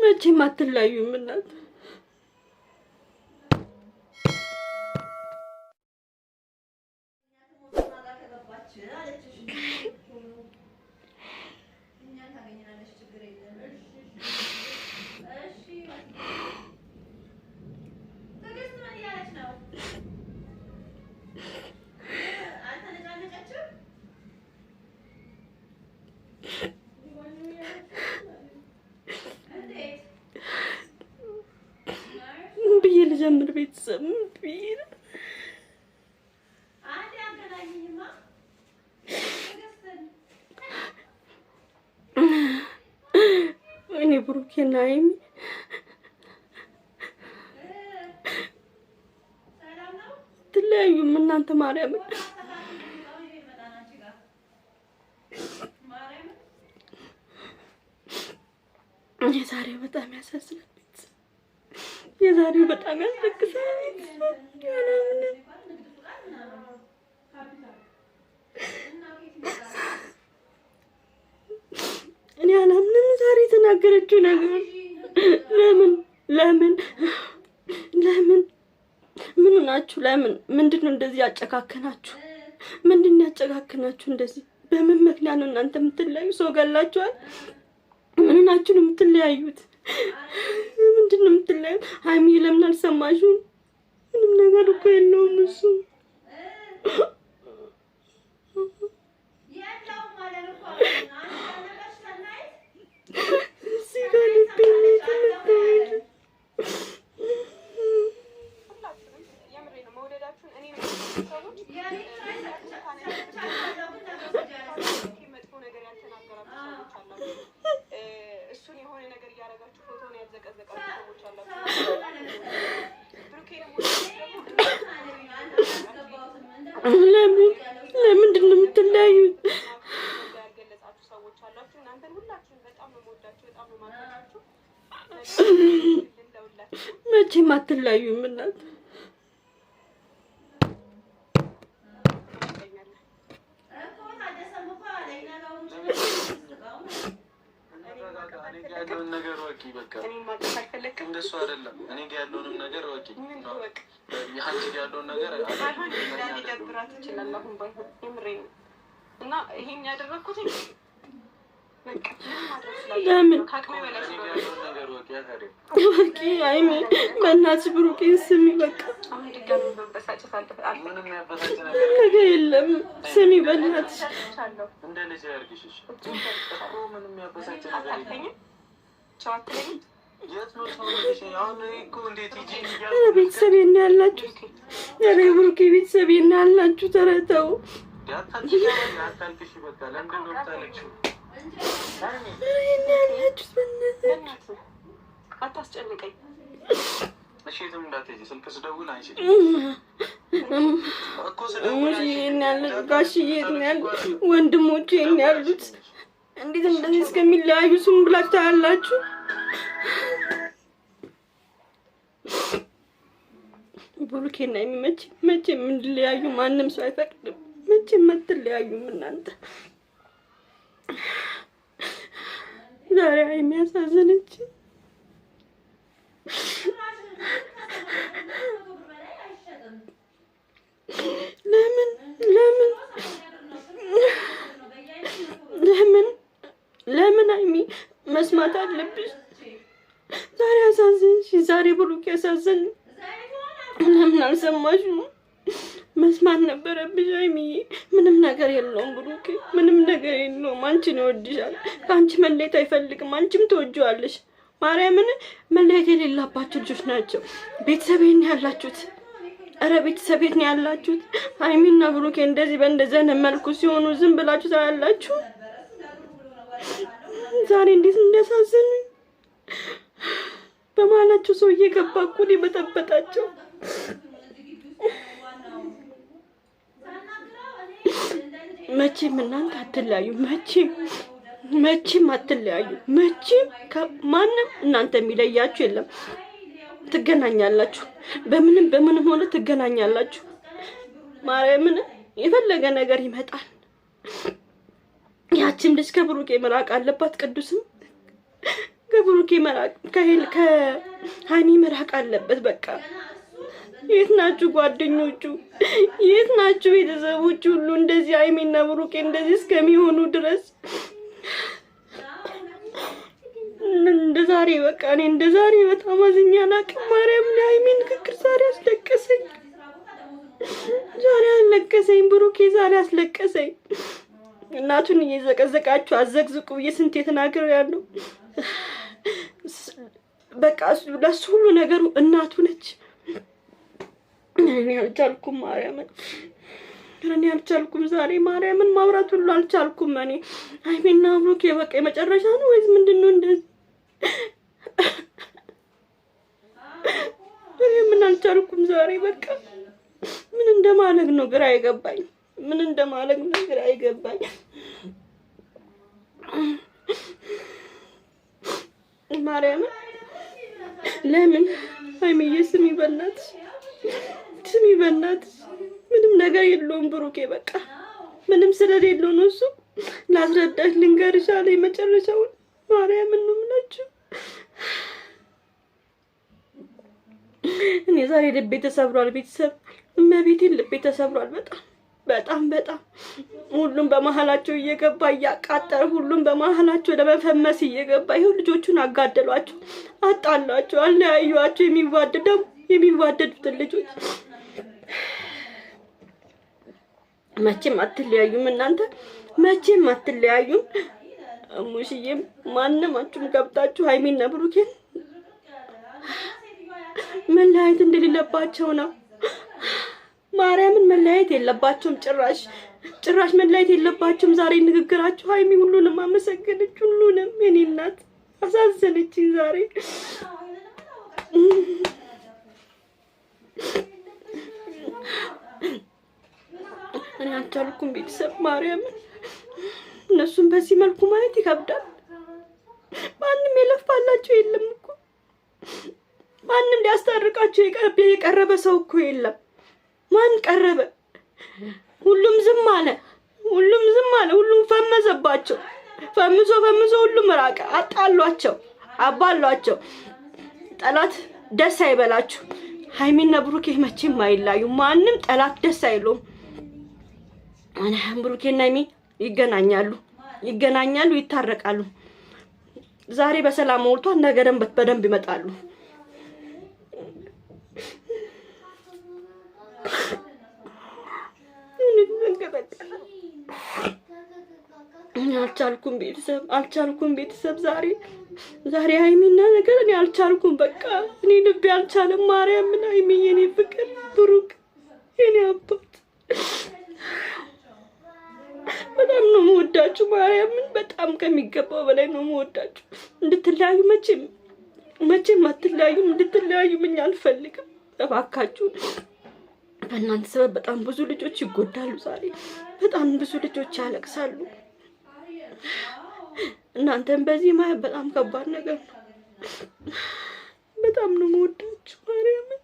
መቼም አትለዩም እናት ብዬ ልጀምር ቤተሰብ ብዬ እኔ ብሩኬና አይሚ ትለያዩም እናንተ ማርያምን የዛሬው በጣም ያሳዝናል። የዛሬው በጣም ያስለቅሳል። እኔ አላምንም። ዛሬ የተናገረችው ነገር ለምን ለምን ለምን ምን ሆናችሁ? ለምን ምንድን ነው እንደዚህ ያጨካከናችሁ? ምንድን ያጨካከናችሁ? እንደዚህ በምን ምክንያት ነው እናንተ የምትለዩ? ሰው ገላችኋል። ምንናችሁ ነው የምትለያዩት? ምንድን ነው የምትለያዩት? ሀይሚ ለምን አልሰማሽም? ምንም ነገር እኮ የለውም እሱ ቤተሰቦች አሏችሁ። እናንተን ሁላችሁን በጣም የምወዳችሁ፣ በጣም የማከብራችሁ። መቼም እናት ያለውን ነገር ወቂ። በቃ እንደሱ አይደለም። እኔ ጋ ያለውንም ነገር ወቂ። አንቺ ጋ ያለውን ነገር ይችላል። አሁን ባይሆን የምሬ ነው እና ይሄን ያደረግኩት ለምን ወርቂ አይሜ በእናትሽ ብሩኬን ስሚ፣ በቃ ነገር የለም ስሚ፣ በእናትሽ ቤተሰብ ና ያላችሁ ረ ብሩኬ ቤተሰብ ና ያላችሁ ተረተው አታስጨንቀኝ። ጋሽዬ ያሉት? እንዴት እንደዚህ እስከሚለያዩ ስም ብላችሁ ታያላችሁ። ቡሩኬና የሚመች መቼም እንድለያዩ ማንም ሰው አይፈቅድም። መቼም አትለያዩም እናንተ ዛሬ የሚያሳዝነች ለምን ለምን ለምን ለምን አይሚ መስማት አለብሽ። ዛሬ አሳዘንሽ። ዛሬ ብሩክ ያሳዘን። ለምን አልሰማሽም? መስማት ነበረብሽ ሀይሚዬ። ምንም ነገር የለውም ብሩኬ፣ ምንም ነገር የለውም። አንቺን ይወድሻል። ከአንቺ መለየት አይፈልግም። አንቺም ትወጂዋለሽ። ማርያምን መለየት የሌላባቸው ልጆች ናቸው። ቤተሰብ ነው ያላችሁት? እረ ቤተሰብ የት ነው ያላችሁት? ሀይሚና ብሩኬ እንደዚህ በእንደዚህ መልኩ ሲሆኑ ዝም ብላችሁ ታያላችሁ። ዛሬ እንዴት እንዳሳዘኑኝ በማላችሁ ሰው እየገባ እኮ እኔ በጠበጣቸው መቼም እናንተ አትለያዩ። መቼም መቼም አትለያዩ። መቼም ማንም እናንተ የሚለያችሁ የለም። ትገናኛላችሁ። በምንም በምንም ሆነ ትገናኛላችሁ። ማርያምን የፈለገ ነገር ይመጣል። ያችም ልጅ ከብሩኬ መራቅ አለባት። ቅዱስም ከብሩኬ መራቅ ከሀይሚ መራቅ አለበት። በቃ የት ናችሁ ጓደኞቹ? የት ናችሁ ቤተሰቦች ሁሉ? እንደዚህ አይሜና ብሩኬ እንደዚህ እስከሚሆኑ ድረስ እንደ ዛሬ በቃ እኔ እንደ ዛሬ በጣም አዝኛ አላቅም። ማርያም አይሜ ንግግር ዛሬ አስለቀሰኝ፣ ዛሬ አስለቀሰኝ። ብሩኬ ዛሬ አስለቀሰኝ። እናቱን እየዘቀዘቃችሁ አዘግዝቁ ብዬ ስንቴ ተናገር ያለው በቃ ለሱ ሁሉ ነገሩ እናቱ ነች። እኔ አልቻልኩም ማርያምን እኔ አልቻልኩም። ዛሬ ማርያምን ማውራት ሁሉ አልቻልኩም። እኔ አይሜና ብሩኬ በቃ የመጨረሻ ነው ወይስ ምንድን ነው? እንደዚህ እኔ ምን አልቻልኩም ዛሬ በቃ ምን እንደማለግ ነው ግራ አይገባኝ። ምን እንደማለግ ነው ግራ አይገባኝ። ማርያምን ለምን ሀይሚዬ ስም ይበላት በእናትሽ ምንም ነገር የለውም ብሩኬ። በቃ ምንም ስለሌለው ነው እሱ። ላስረዳሽ ልንገርሽ አለ የመጨረሻውን ማርያም እንምላችሁ እኔ ዛሬ ልቤ ተሰብሯል። ቤተሰብ እመቤቴን ልቤ ተሰብሯል። በጣም በጣም በጣም ሁሉም በመሀላቸው እየገባ እያቃጠረ፣ ሁሉም በመሀላቸው ለመፈመስ እየገባ ይኸው ልጆቹን አጋደሏቸው፣ አጣሏቸው፣ አለያዩቸው የሚዋደደው የሚዋደዱትን ልጆች መቼም አትለያዩም እናንተ መቼም አትለያዩም። ሙሽዬም ማንማችሁም ገብታችሁ ሀይሚና ብሩኬን መለያየት እንደሌለባቸው ነው። ማርያምን መለያየት የለባቸውም። ጭራሽ ጭራሽ መለያየት የለባቸውም። ዛሬ ንግግራችሁ ሀይሚ ሁሉንም አመሰገነች። ሁሉንም የኔ እናት አሳዘነችኝ ዛሬ እኔ አልቻልኩም። ቤተሰብ ማርያምን እነሱን በዚህ መልኩ ማየት ይከብዳል። ማንም የለፋላቸው የለም እኮ ማንም ሊያስታርቃቸው የቀረበ ሰው እኮ የለም። ማን ቀረበ? ሁሉም ዝም አለ። ሁሉም ዝም አለ። ሁሉም ፈመሰባቸው። ፈምሶ ፈምሶ ሁሉም ራቀ። አጣሏቸው፣ አባሏቸው። ጠላት ደስ አይበላችሁ። ሀይሚና ብሩኬ መቼም አይላዩ። ማንም ጠላት ደስ አይለውም። ብሩኬና ሀይሚ ይገናኛሉ ይገናኛሉ ይታረቃሉ። ዛሬ በሰላም ወልቷል፣ ነገ በደንብ ይመጣሉ። አልቻልኩም ቤተሰብ አልቻልኩም ቤተሰብ ዛሬ ዛሬ ሀይሚና ነገር እኔ አልቻልኩም። በቃ እኔ ልቤ አልቻለም። ማርያምን ሀይሚ የኔ ፍቅር ብሩክ የኔ አባት በጣም ነው መወዳችሁ። ማርያምን በጣም ከሚገባው በላይ ነው መወዳችሁ። እንድትለያዩ መቼም መቼም አትለያዩም። እንድትለያዩ ምኛ አልፈልግም። እባካችሁ በእናንተ ሰበብ በጣም ብዙ ልጆች ይጎዳሉ። ዛሬ በጣም ብዙ ልጆች ያለቅሳሉ። እናንተም በዚህ ማየት በጣም ከባድ ነገር ነው። በጣም ነው መወዳችሁ ማርያምን